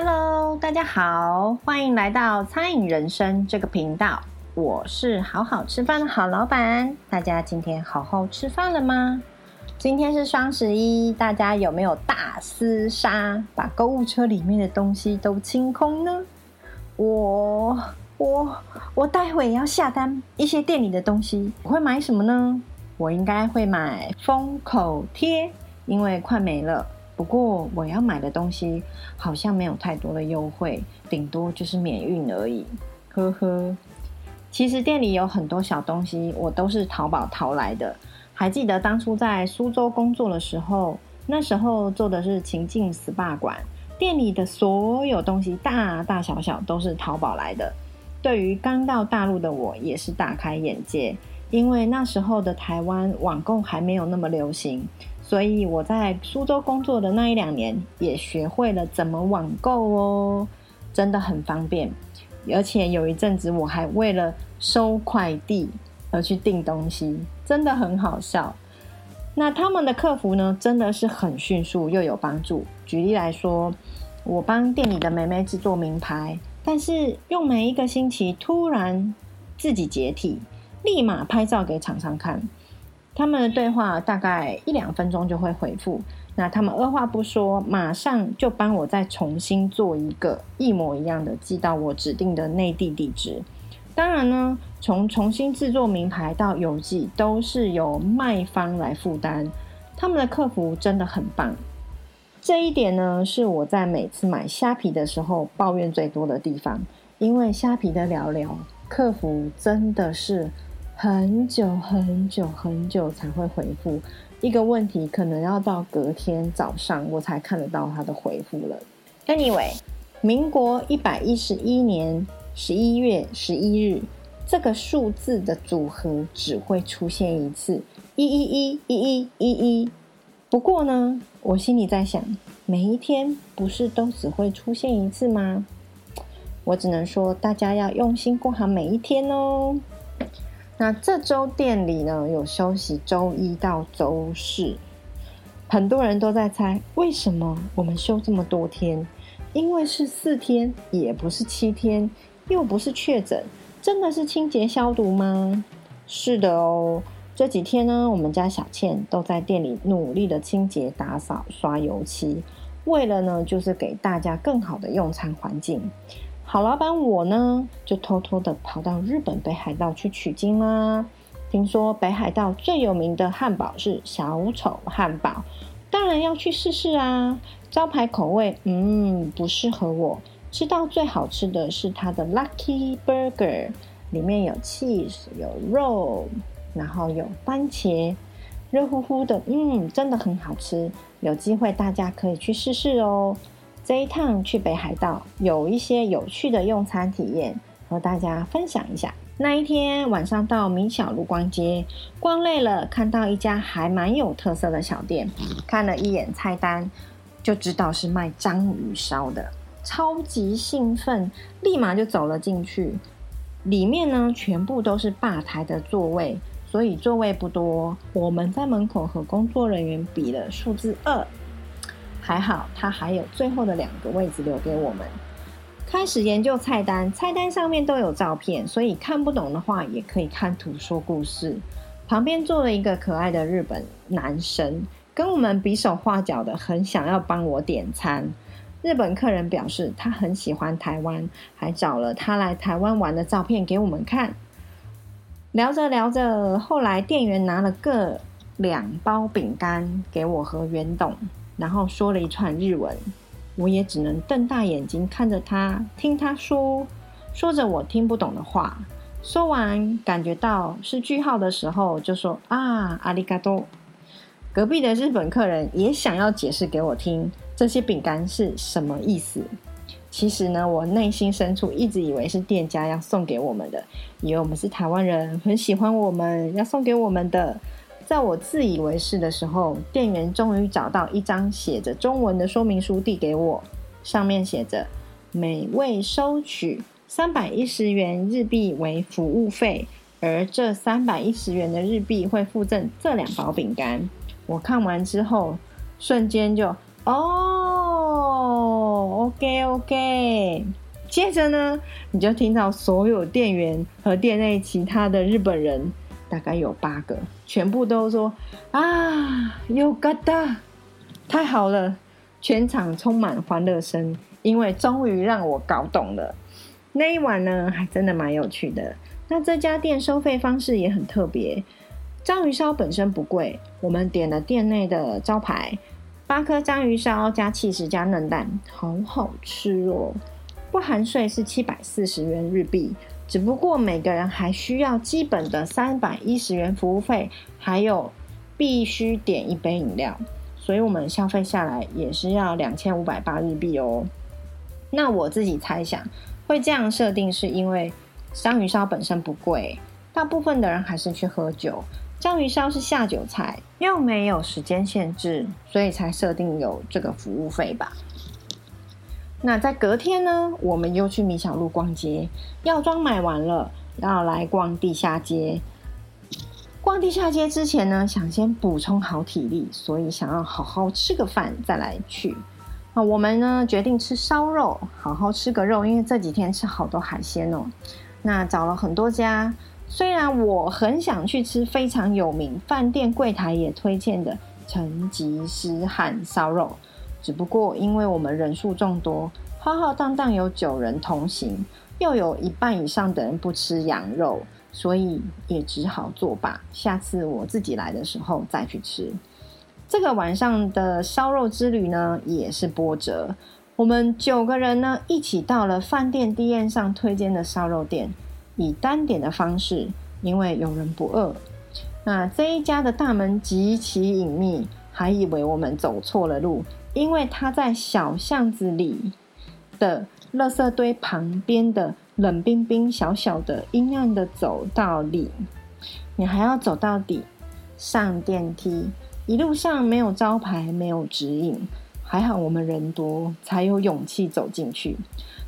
Hello，大家好，歡迎來到餐飲人生這個頻道。我是好好吃飯的好老闆。大家今天好好吃飯了嗎？今天是雙十一，大家有沒有大廝殺，把購物車裡面的東西都清空呢？我我我，我待會要下單一些店裡的東西，我會買什麼呢？我應該會買封口貼，因為快沒了。不過我要買的東西好像沒有太多的優惠，頂多就是免運而已。呵呵，其實店裡有很多小東西，我都是淘寶淘來的。還記得當初在蘇州工作的時候，那時候做的是情境 SPA 館，店裡的所有東西大大小小都是淘寶來的。對於剛到大陸的我，也是大開眼界，因為那時候的台灣網購還沒有那麼流行。所以我在蘇州工作的那一兩年，也學會了怎麼網購哦，真的很方便。而且有一陣子我還為了收快遞而去訂東西，真的很好笑。那他們的客服呢，真的是很迅速又有幫助。舉例來說，我幫店裡的妹妹制作名牌，但是用沒一個星期，突然自己解體，立馬拍照給廠商看。他們的對話大概一兩分鐘就會回覆那他們二話不說，馬上就幫我再重新做一個一模一樣的，寄到我指定的內地地址。當然呢，從重新製作名牌到郵寄都是由賣方來負擔。他們的客服真的很棒，這一點呢，是我在每次買蝦皮的時候抱怨最多的地方，因為蝦皮的聊聊客服真的是。很久很久很久才會回復一個問題，可能要到隔天早上我才看得到他的回復了。Anyway，民國一百一十一年十一月十一日，這個數字的組合只會出現一次，一一一一一一一。不過呢，我心裡在想，每一天不是都只會出現一次嗎？我只能說，大家要用心過好每一天哦。那這周店裡呢有休息，周一到周四，很多人都在猜為什麼我們休這麼多天？因為是四天，也不是七天，又不是確診，真的是清潔消毒嗎？是的哦，這幾天呢，我們家小倩都在店裡努力的清潔、打掃、刷油漆，為了呢，就是給大家更好的用餐環境。好老闆，我呢就偷偷的跑到日本北海道去取經啦、啊。聽說北海道最有名的漢堡是小丑漢堡，當然要去試試啊！招牌口味，嗯，不適合我。吃到最好吃的是它的 Lucky Burger，裡面有 cheese，有肉，然後有番茄，熱乎乎的，嗯，真的很好吃。有機會大家可以去試試哦。這一趟去北海道有一些有趣的用餐體驗，和大家分享一下。那一天晚上到明小路逛街，逛累了，看到一家還蠻有特色的小店，嗯、看了一眼菜單，就知道是賣章魚燒的，超級興奮，立馬就走了進去。裡面呢，全部都是吧台的座位，所以座位不多。我們在門口和工作人員比了數字二。還好，他還有最後的兩個位置留給我們。開始研究菜單，菜單上面都有照片，所以看不懂的話也可以看圖說故事。旁邊坐了一個可愛的日本男生，跟我們比手畫腳的，很想要幫我點餐。日本客人表示他很喜歡台灣，還找了他來台灣玩的照片給我們看。聊着聊着，後來店員拿了各兩包餅乾給我和袁董。然後說了一串日文，我也只能瞪大眼睛看着他，聽他說說着我聽不懂的話。說完，感覺到是句號的時候，就說啊，阿里嘎多。隔壁的日本客人也想要解釋給我聽，這些餅乾是什麼意思？其實呢，我內心深處一直以為是店家要送給我們的，以為我們是台灣人，很喜歡我們要送給我們的。在我自以為是的時候，店員終於找到一張寫着中文的說明書遞給我，上面寫着：“每位收取三百一十元日幣為服務費，而這三百一十元的日幣會附贈這兩包餅乾。”我看完之後，瞬間就，哦，OK OK。接着呢，你就聽到所有店員和店內其他的日本人。大概有八個，全部都說啊，有疙瘩，太好了！全場充滿歡樂聲，因為終於讓我搞懂了。那一晚呢，還真的蠻有趣的。那這家店收費方式也很特別，章魚燒本身不貴，我們點了店內的招牌八顆章魚燒加起司加嫩蛋，好好吃哦！不含稅是七百四十元日幣。只不過每個人還需要基本的三百一十元服務費，還有必須點一杯飲料，所以我們消費下來也是要兩千五百八日幣哦、喔。那我自己猜想，會這樣設定是因為章魚燒本身不貴，大部分的人還是去喝酒，章魚燒是下酒菜，又沒有時間限制，所以才設定有這個服務費吧。那在隔天呢，我們又去米小路逛街，藥妝買完了，要來逛地下街。逛地下街之前呢，想先補充好體力，所以想要好好吃個飯再來去。那我們呢，決定吃燒肉，好好吃個肉，因為這幾天吃好多海鮮哦、喔。那找了很多家，雖然我很想去吃非常有名飯店櫃台也推薦的成吉思汗燒肉。只不過因為我們人數眾多，浩浩蕩蕩有九人同行，又有一半以上的人不吃羊肉，所以也只好作罷。下次我自己來的時候再去吃。這個晚上的燒肉之旅呢，也是波折。我們九個人呢，一起到了飯店 DM 上推薦的燒肉店，以單點的方式，因為有人不餓。那這一家的大門極其隱秘，還以為我們走錯了路。因為他在小巷子裡的垃圾堆旁邊的冷冰冰、小小的陰暗的走道裡，你還要走到底上電梯，一路上沒有招牌，沒有指引。還好我們人多，才有勇氣走進去。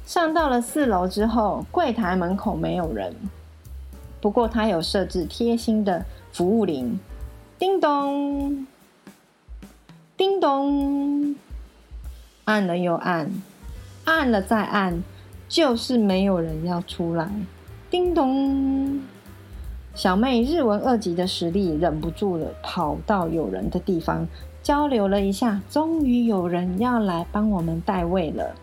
上到了四樓之後，櫃台門口沒有人，不過他有設置貼心的服務鈴，叮咚。叮咚，按了又按，按了再按，就是沒有人要出來。叮咚，小妹日文二級的實力忍不住了，跑到有人的地方交流了一下，終於有人要來幫我們帶位了。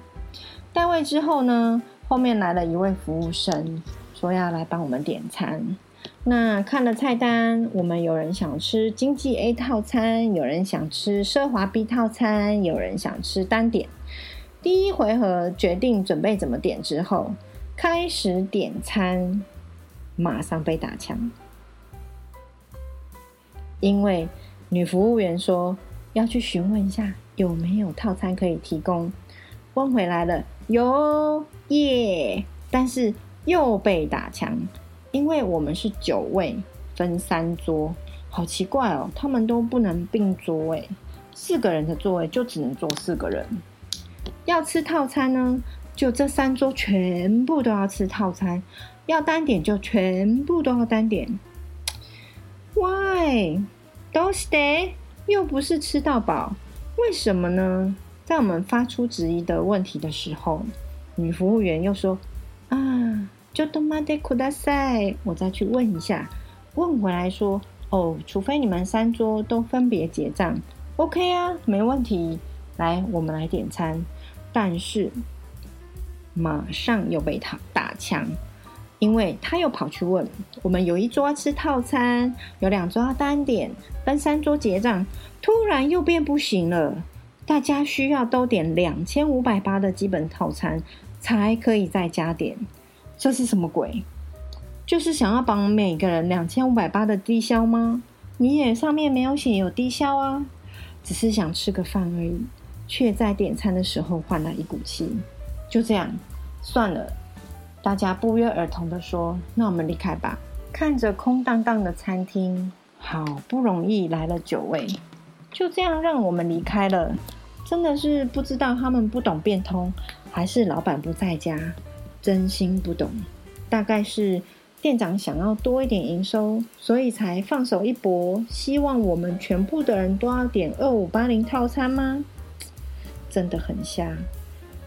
帶位之後呢，後面來了一位服務生，說要來幫我們點餐。那看了菜單，我們有人想吃經濟 A 套餐，有人想吃奢華 B 套餐，有人想吃單點。第一回合決定準備怎麼點之後，開始點餐，馬上被打槍。因為女服務員說要去詢問一下有沒有套餐可以提供，問回來了有耶，yeah, 但是又被打槍。因為我們是九位，分三桌，好奇怪哦！他們都不能併桌位，四個人的座位就只能坐四個人。要吃套餐呢，就這三桌全部都要吃套餐；要單點就全部都要單點。Why？どうして？又不是吃到飽，為什麼呢？在我們發出質疑的問題的時候，女服務員又說：“啊。”就我再去問一下。問回來說，哦，除非你們三桌都分別結賬，OK 啊，沒問題。來，我們來點餐。但是馬上又被他打槍，因為他又跑去問我們，有一桌要吃套餐，有兩桌要單點，分三桌結賬。突然又變不行了，大家需要都點兩千五百八的基本套餐，才可以再加點。這是什麼鬼？就是想要綁每個人兩千五百八的低消嗎？你也上面沒有寫有低消啊！只是想吃個飯而已，卻在點餐的時候換了一股氣。就這樣算了，大家不約而同的說：“那我們離開吧。”看着空蕩蕩的餐廳，好不容易來了九位，就這樣讓我們離開了。真的是不知道他們不懂變通，還是老闆不在家。真心不懂，大概是店長想要多一點營收，所以才放手一搏，希望我們全部的人都要點二五八零套餐嗎？真的很瞎。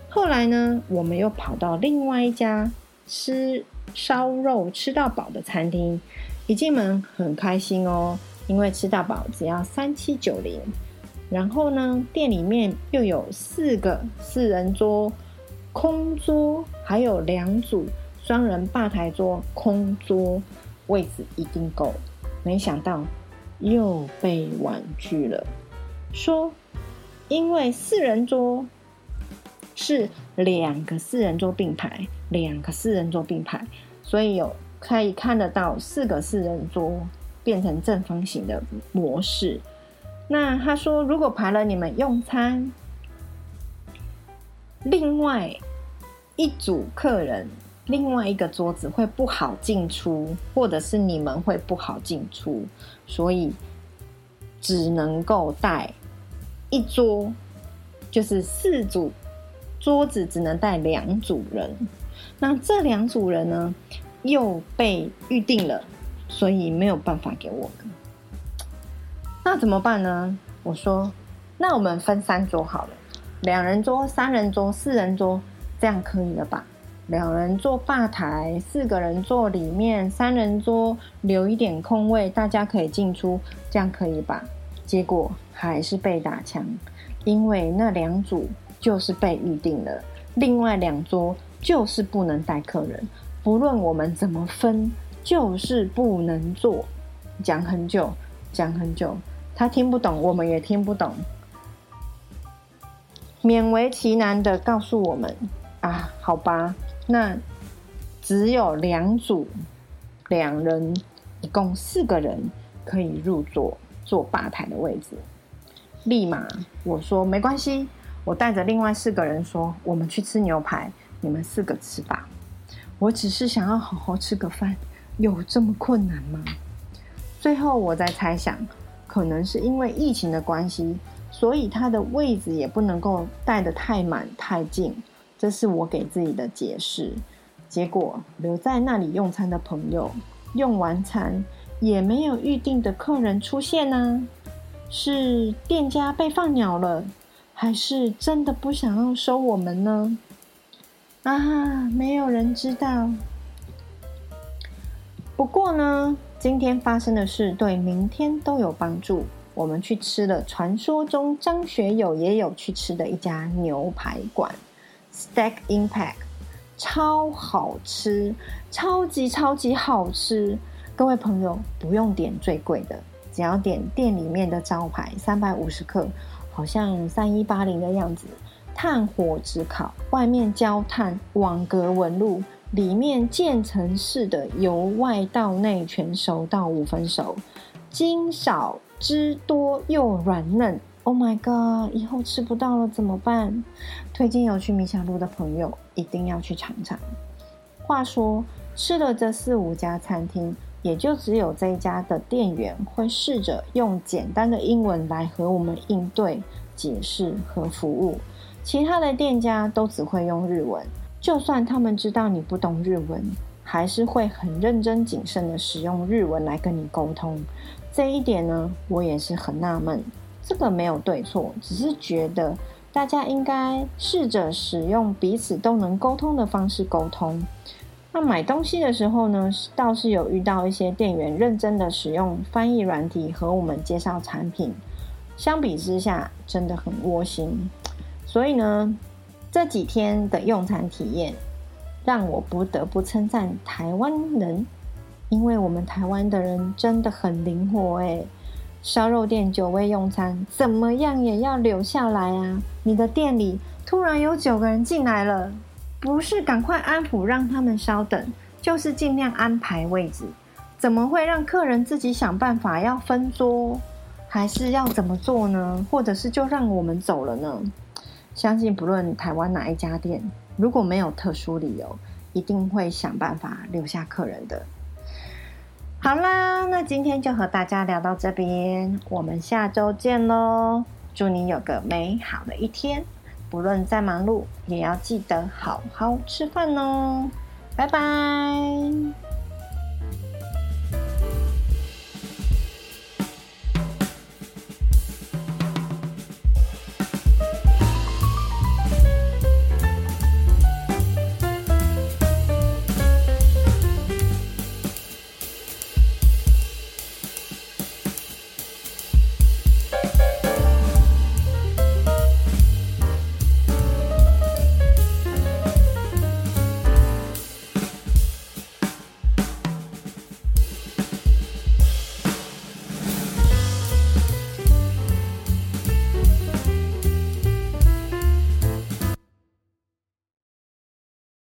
後來呢，我們又跑到另外一家吃燒肉吃到飽的餐廳，一進門很開心哦，因為吃到飽只要三七九零。然後呢，店裡面又有四個四人桌。空桌還有兩組雙人吧台桌空桌，空桌位置一定夠，沒想到又被婉拒了，說因為四人桌是兩個四人桌並排，兩個四人桌並排，所以有可以看得到四個四人桌變成正方形的模式。那他說如果排了你們用餐，另外一組客人，另外一個桌子會不好進出，或者是你們會不好進出，所以只能夠帶一桌，就是四組桌子只能帶兩組人。那這兩組人呢又被預定了，所以沒有辦法給我們。那怎麼辦呢？我說，那我們分三桌好了。兩人桌，三人桌、四人桌，這樣可以了吧？兩人坐吧台，四個人坐裡面，三人桌留一點空位，大家可以進出，這樣可以吧？結果還是被打槍，因為那兩組就是被預定了，另外兩桌就是不能帶客人，不論我們怎麼分，就是不能做。講很久，講很久，他聽不懂，我們也聽不懂。勉為其難的告訴我們：“啊，好吧，那只有兩組，兩人，一共四個人可以入座，坐吧台的位置。”立馬我說：“沒關係，我帶着另外四個人說，我們去吃牛排，你們四個吃吧。我只是想要好好吃個飯，有這麼困難嗎？”最後我在猜想，可能是因為疫情的關係。所以他的位置也不能夠帶的太滿太近，這是我給自己的解釋。結果留在那裡用餐的朋友，用完餐也沒有預定的客人出現呢、啊，是店家被放鳥了，還是真的不想要收我們呢？啊，沒有人知道。不過呢，今天發生的事對明天都有幫助。我們去吃了傳說中張學友也有去吃的一家牛排館 Stack Impact，超好吃，超級超級好吃！各位朋友不用點最貴的，只要點店裡面的招牌三百五十克，好像三一八零的樣子，炭火炙烤，外面焦炭網格紋路，裡面漸層式的，由外到內全熟到五分熟，金少。汁多又軟嫩，Oh my god！以後吃不到了怎麼辦？推薦有去米小路的朋友一定要去嘗嘗。話說，吃了這四五家餐廳，也就只有這一家的店員會試着用簡單的英文來和我們應對、解釋和服務，其他的店家都只會用日文，就算他們知道你不懂日文。還是會很認真謹慎的使用日文來跟你溝通，這一點呢，我也是很納悶。這個沒有對錯，只是覺得大家應該試着使用彼此都能溝通的方式溝通。那買東西的時候呢，倒是有遇到一些店員認真的使用翻譯軟體和我們介紹產品，相比之下真的很窩心。所以呢，這幾天的用餐體驗，讓我不得不稱讚台灣人，因為我們台灣的人真的很靈活哎！燒肉店九位用餐，怎麼樣也要留下來啊！你的店裡突然有九個人進來了，不是趕快安撫讓他們稍等，就是盡量安排位置，怎麼會讓客人自己想辦法要分桌，還是要怎麼做呢？或者是就讓我們走了呢？相信不論台灣哪一家店。如果沒有特殊理由，一定會想辦法留下客人的。好啦，那今天就和大家聊到這邊，我們下周見咯！祝你有個美好的一天，不論再忙碌，也要記得好好吃飯哦、喔！拜拜。